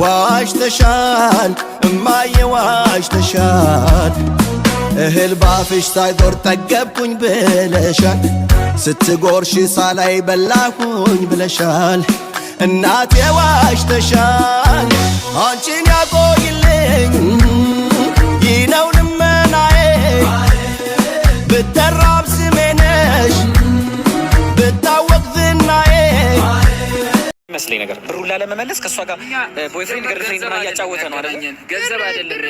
ዋሽተሻል እማዬ ዋሽተሻል እህል ባፍሽ ሳይዞር ጠገብኩኝ ብለሻል ስትጎርሽ ሳላይ በላኩኝ ብለሻል እናቴ ዋሽተሻል አንቺን ያቆይልኝ ይነው ልመናዬ ብተራብ የምትመስለኝ ነገር ብሩን ላለመመለስ ከእሷ ጋር ቦይፍሬንድ ገርልፍሬንድ ና እያጫወተ ነው አለ። ገንዘብ አይደለም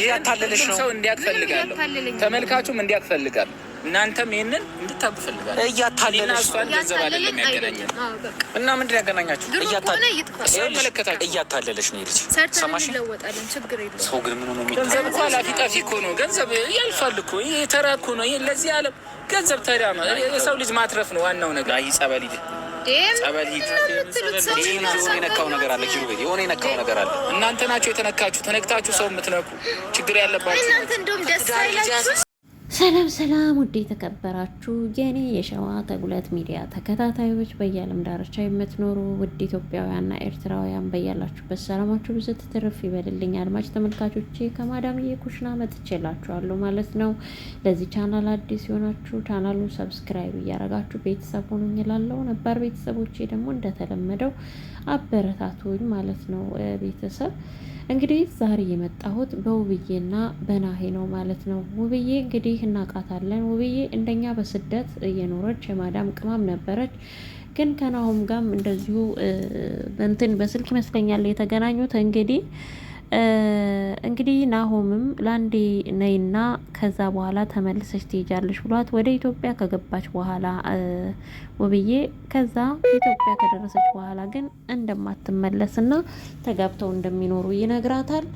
እያታለለች ነው። ሰው እንዲያቅ ፈልጋለሁ፣ ተመልካቹም እንዲያቅ ፈልጋል። እናንተም ይህንን እንድታብ ፈልጋል። እያታለለች ነው። ገንዘብ አይደለም ያገናኘን እና ምንድን ያገናኛችሁ? እያታለለች ነው ልጅ ሰማሽ። ሰው ግን ምን ነው ገንዘብ እኮ ላፊ ጠፊ እኮ ነው። ገንዘብ ያልፋል እኮ ይሄ ተራ እኮ ነው። ለዚህ አለም ገንዘብ ተራ ነው። የሰው ልጅ ማትረፍ ነው ዋናው ነገር። አይ ጸበል የነካው ነገር አለ። ኪሩቤል የሆነ የነካው ነገር አለ። እናንተ ናችሁ የተነካችሁ፣ ተነክታችሁ ሰው የምትነኩ ችግር ያለባችሁ ሰላም ሰላም ውድ የተከበራችሁ የኔ የሸዋ ተጉለት ሚዲያ ተከታታዮች በየዓለም ዳርቻ የምትኖሩ ውድ ኢትዮጵያውያንና ኤርትራውያን በያላችሁበት ሰላማችሁ ብዙ ትርፍ ይበልልኝ። አድማጭ ተመልካቾቼ ከማዳምዬ ኩሽና መጥቼላችኋለሁ ማለት ነው። ለዚህ ቻናል አዲስ የሆናችሁ ቻናሉ ሰብስክራይብ እያረጋችሁ ቤተሰብ ሆኑኝ እላለሁ። ነባር ቤተሰቦቼ ደግሞ እንደተለመደው አበረታቱኝ ማለት ነው ቤተሰብ እንግዲህ ዛሬ የመጣሁት በውብዬና በናሄ ነው ማለት ነው። ውብዬ እንግዲህ እናቃታለን። ውብዬ እንደኛ በስደት እየኖረች የማዳም ቅማም ነበረች። ግን ከናሁም ጋም እንደዚሁ በእንትን በስልክ ይመስለኛል የተገናኙት እንግዲህ እንግዲህ ናሆምም ላንዴ ነይና ከዛ በኋላ ተመልሰች ትሄጃለሽ ብሏት ወደ ኢትዮጵያ ከገባች በኋላ ውብዬ ከዛ ኢትዮጵያ ከደረሰች በኋላ ግን እንደማትመለስና ተጋብተው እንደሚኖሩ ይነግራታል።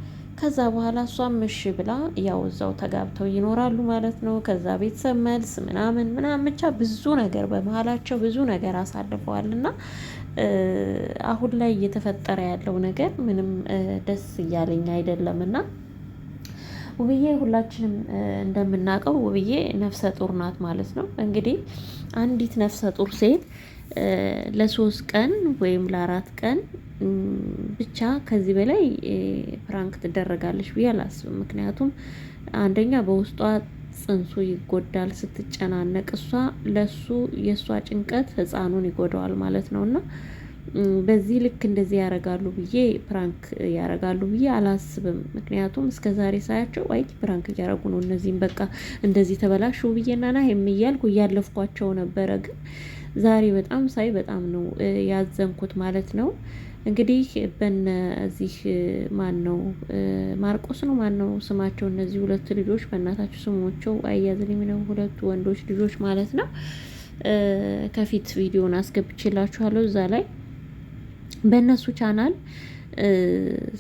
ከዛ በኋላ እሷም እሺ ብላ ያው እዛው ተጋብተው ይኖራሉ ማለት ነው። ከዛ ቤተሰብ መልስ ምናምን ምናምን ብቻ ብዙ ነገር በመሀላቸው ብዙ ነገር አሳልፈዋል እና አሁን ላይ እየተፈጠረ ያለው ነገር ምንም ደስ እያለኝ አይደለም እና ውብዬ ሁላችንም እንደምናውቀው ውብዬ ነፍሰ ጡር ናት ማለት ነው። እንግዲህ አንዲት ነፍሰ ጡር ሴት ለሶስት ቀን ወይም ለአራት ቀን ብቻ ከዚህ በላይ ፕራንክ ትደረጋለች ብዬ አላስብም። ምክንያቱም አንደኛ በውስጧ ጽንሱ ይጎዳል ስትጨናነቅ፣ እሷ ለሱ የእሷ ጭንቀት ህፃኑን ይጎዳዋል ማለት ነው እና በዚህ ልክ እንደዚህ ያደርጋሉ ብዬ ፕራንክ ያደርጋሉ ብዬ አላስብም። ምክንያቱም እስከ ዛሬ ሳያቸው አይ ፕራንክ እያደረጉ ነው እነዚህም በቃ እንደዚህ ተበላሹ ብዬና ና የምያልኩ እያለፍኳቸው ነበረ ግን ዛሬ በጣም ሳይ በጣም ነው ያዘንኩት ማለት ነው። እንግዲህ በነ እዚህ ማን ነው ማርቆስ ነው ማን ነው ስማቸው እነዚህ ሁለት ልጆች በእናታቸው ስሞቸው አያዝልኝ ነው ሁለቱ ወንዶች ልጆች ማለት ነው። ከፊት ቪዲዮን አስገብቼላችኋለሁ እዛ ላይ በእነሱ ቻናል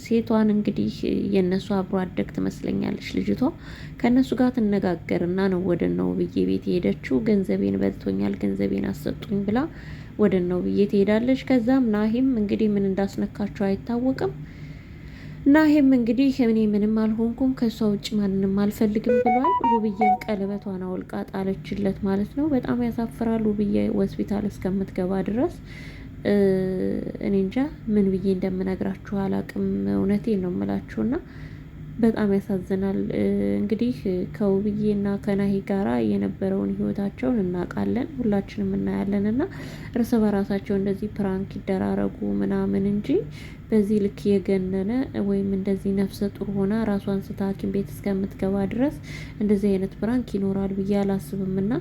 ሴቷን እንግዲህ የእነሱ አብሮ አደግ ትመስለኛለች ልጅቷ። ከእነሱ ጋር ትነጋገርና ነው ወደ ነው ብዬ ቤት የሄደችው። ገንዘቤን በልቶኛል፣ ገንዘቤን አሰጡኝ ብላ ወደ ነው ብዬ ትሄዳለች። ከዛም ናሂም እንግዲህ ምን እንዳስነካቸው አይታወቅም። ናሂም እንግዲህ እኔ ምንም አልሆንኩም፣ ከእሷ ውጭ ማንንም አልፈልግም ብሏል። ውብዬን ቀለበቷን አውልቃ ጣለችለት ማለት ነው። በጣም ያሳፍራል። ውብዬ ሆስፒታል እስከምትገባ ድረስ እኔ እንጃ ምን ብዬ እንደምነግራችሁ አላቅም። እውነቴን ነው የምላችሁ እና በጣም ያሳዝናል። እንግዲህ ከውብዬና ከናሂ ጋራ የነበረውን ህይወታቸውን እናውቃለን፣ ሁላችንም እናያለን እና እርስ በራሳቸው እንደዚህ ፕራንክ ይደራረጉ ምናምን እንጂ በዚህ ልክ የገነነ ወይም እንደዚህ ነፍሰ ጡር ሆና ራሷን ስታ ሐኪም ቤት እስከምትገባ ድረስ እንደዚህ አይነት ብራንክ ይኖራል ብዬ አላስብም። እና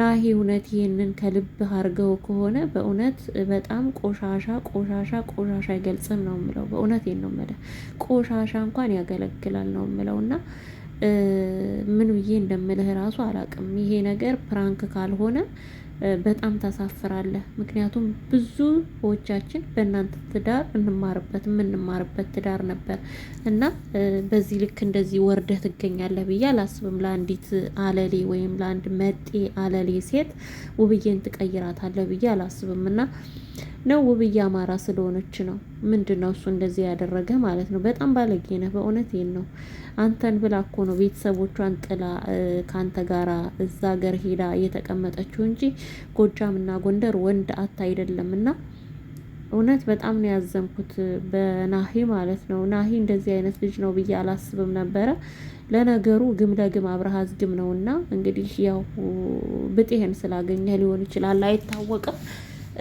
ናሂ እውነት ይህንን ከልብ አርገው ከሆነ በእውነት በጣም ቆሻሻ ቆሻሻ ቆሻሻ አይገልጽም ነው ምለው። በእውነት ነው ምለ ቆሻሻ እንኳን ያገለግላል ነው ምለው እና ምን ብዬ እንደምልህ ራሱ አላውቅም። ይሄ ነገር ፕራንክ ካልሆነ በጣም ታሳፍራለህ። ምክንያቱም ብዙዎቻችን በእናንተ ትዳር እንማርበት የምንማርበት ትዳር ነበር እና በዚህ ልክ እንደዚህ ወርደህ ትገኛለህ ብዬ አላስብም። ለአንዲት አለሌ ወይም ለአንድ መጤ አለሌ ሴት ውብዬን ትቀይራታለህ ብዬ አላስብም እና ነው ውብዬ አማራ ስለሆነች ነው። ምንድን ነው እሱ እንደዚህ ያደረገ ማለት ነው። በጣም ባለጌ ነህ። በእውነት ይህን ነው አንተን ብላ እኮ ነው ቤተሰቦቿን ጥላ ከአንተ ጋራ እዛ ሀገር ሄዳ እየተቀመጠችው እንጂ ጎጃም እና ጎንደር ወንድ አት አይደለም እና እውነት በጣም ነው ያዘንኩት በናሂ ማለት ነው። ናሂ እንደዚህ አይነት ልጅ ነው ብዬ አላስብም ነበረ። ለነገሩ ግም ለግም አብረሃ ዝግም ነው እና እንግዲህ ያው ብጤህን ስላገኘ ሊሆን ይችላል አይታወቅም።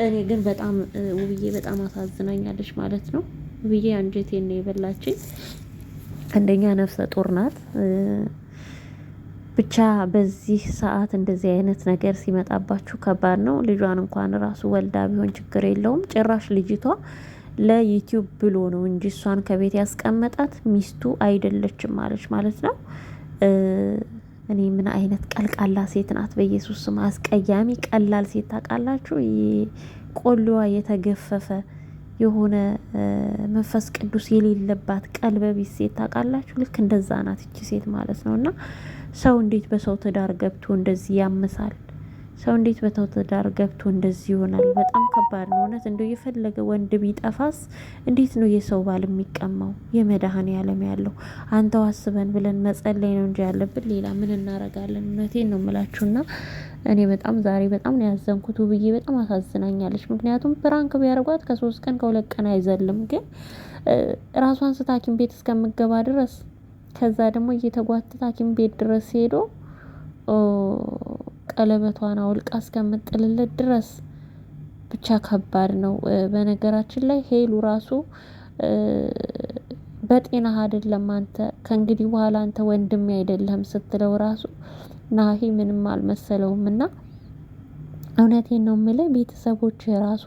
እኔ ግን በጣም ውብዬ በጣም አሳዝናኛለች ማለት ነው። ውብዬ አንጀቴን ነው የበላችኝ። አንደኛ ነፍሰ ጡር ናት። ብቻ በዚህ ሰዓት እንደዚህ አይነት ነገር ሲመጣባችሁ ከባድ ነው። ልጇን እንኳን ራሱ ወልዳ ቢሆን ችግር የለውም። ጭራሽ ልጅቷ ለዩቲዩብ ብሎ ነው እንጂ እሷን ከቤት ያስቀመጣት ሚስቱ አይደለችም አለች ማለት ነው። እኔ ምን አይነት ቀልቃላ ሴት ናት? በኢየሱስ ስም አስቀያሚ ቀላል ሴት ታውቃላችሁ? ቆሎዋ የተገፈፈ የሆነ መንፈስ ቅዱስ የሌለባት ቀልበቢት ሴት ታውቃላችሁ? ልክ እንደዛ ናት እቺ ሴት ማለት ነው። እና ሰው እንዴት በሰው ትዳር ገብቶ እንደዚህ ያምሳል? ሰው እንዴት በተው ትዳር ገብቶ እንደዚህ ይሆናል? በጣም ከባድ ነው እውነት። እንደው የፈለገ ወንድ ቢጠፋስ እንዴት ነው የሰው ባል የሚቀማው? የመድኃኔ ዓለም ያለው አንተው አስበን ብለን መጸለይ ነው እንጂ ያለብን ሌላ ምን እናረጋለን? እውነቴን ነው የምላችሁና እኔ በጣም ዛሬ በጣም ነው ያዘንኩት። ውብዬ በጣም አሳዝናኛለች። ምክንያቱም ፕራንክ ቢያደርጓት ከሶስት ቀን ከሁለት ቀን አይዘልም፣ ግን ራሷን ስታ ሐኪም ቤት እስከምገባ ድረስ ከዛ ደግሞ እየተጓተተ ሐኪም ቤት ድረስ ሄዶ ቀለበቷን አውልቃ እስከምጥልለት ድረስ ብቻ ከባድ ነው። በነገራችን ላይ ሄሉ ራሱ በጤና አይደለም አንተ ከእንግዲህ በኋላ አንተ ወንድም አይደለም ስትለው ራሱ ናሂ ምንም አልመሰለውም እና እውነቴን ነው የምልህ፣ ቤተሰቦች ራሱ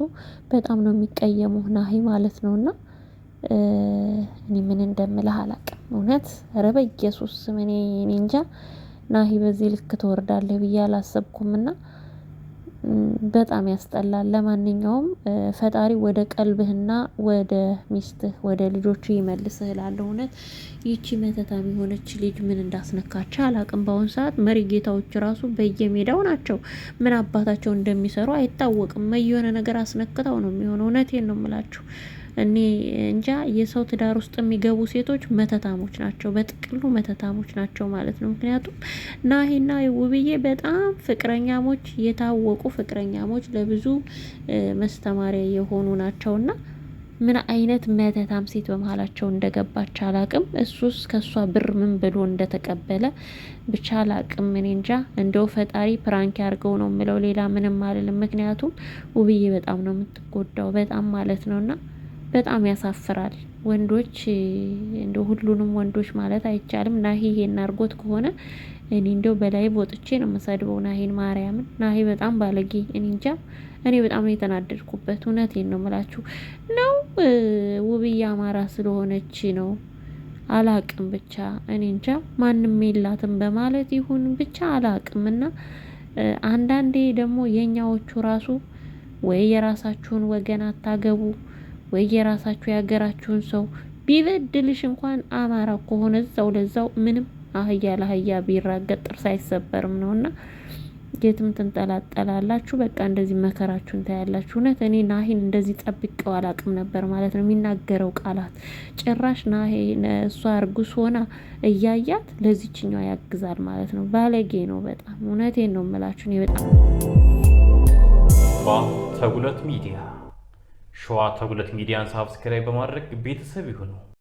በጣም ነው የሚቀየሙ ናሂ ማለት ነው። እና እኔ ምን እንደምልህ አላቅም። እውነት ኧረ በኢየሱስ እኔ እንጃ። ናሂ በዚህ ልክ ትወርዳለህ ብዬ አላሰብኩምና በጣም ያስጠላል። ለማንኛውም ፈጣሪ ወደ ቀልብህና ወደ ሚስትህ ወደ ልጆቹ ይመልስህ እላለሁ። እውነት ይቺ መተታም የሆነች ልጅ ምን እንዳስነካች አላቅም። በአሁኑ ሰዓት መሪ ጌታዎች ራሱ በየሜዳው ናቸው። ምን አባታቸው እንደሚሰሩ አይታወቅም። የሆነ ነገር አስነክተው ነው የሚሆነው። እውነቴን ነው የምላችሁ። እኔ እንጃ የሰው ትዳር ውስጥ የሚገቡ ሴቶች መተታሞች ናቸው፣ በጥቅሉ መተታሞች ናቸው ማለት ነው። ምክንያቱም ናሂና ውብዬ በጣም ፍቅረኛሞች፣ የታወቁ ፍቅረኛሞች፣ ለብዙ መስተማሪያ የሆኑ ናቸውና ምን አይነት መተታም ሴት በመሀላቸው እንደገባች አላቅም። እሱስ ከእሷ ብር ምን ብሎ እንደተቀበለ ብቻ አላቅም። እኔ እንጃ እንደው ፈጣሪ ፕራንክ ያርገው ነው የምለው። ሌላ ምንም አልልም። ምክንያቱም ውብዬ በጣም ነው የምትጎዳው፣ በጣም ማለት ነውና በጣም ያሳፍራል። ወንዶች እንደ ሁሉንም ወንዶች ማለት አይቻልም። ናሂ ይሄን አድርጎት ከሆነ እኔ እንደው በላይ ወጥቼ ነው የምሰድበው ናሂን፣ ማርያምን። ናሂ በጣም ባለጌ፣ እኔ እንጃ። እኔ በጣም ነው የተናደድኩበት። እውነቴን ነው የምላችሁ። ነው ውብዬ አማራ ስለሆነች ነው አላቅም፣ ብቻ እኔ እንጃ፣ ማንም የላትም በማለት ይሁን ብቻ አላቅም። እና አንዳንዴ ደግሞ የእኛዎቹ ራሱ ወይ የራሳችሁን ወገን አታገቡ ወይ የራሳችሁ የሀገራችሁን ሰው ቢበድልሽ እንኳን አማራ ከሆነ እዛው ለዛው ምንም አህያ ለአህያ ቢራገጥ ጥርስ አይሰበርም ነውና የትም ትንጠላጠላላችሁ። በቃ እንደዚህ መከራችሁን ታያላችሁ። እውነት እኔ ናሂን እንደዚህ ጠብቀው አላቅም ነበር ማለት ነው። የሚናገረው ቃላት ጭራሽ ናሄ እሷ እርጉዝ ሆና እያያት ለዚችኛዋ ያግዛል ማለት ነው። ባለጌ ነው በጣም እውነቴን ነው የምላችሁ። እኔ በጣም ተጉለት ሚዲያ ሸዋ ተጉለት ሚዲያን ሳብስክራይብ በማድረግ ቤተሰብ ይሁኑ።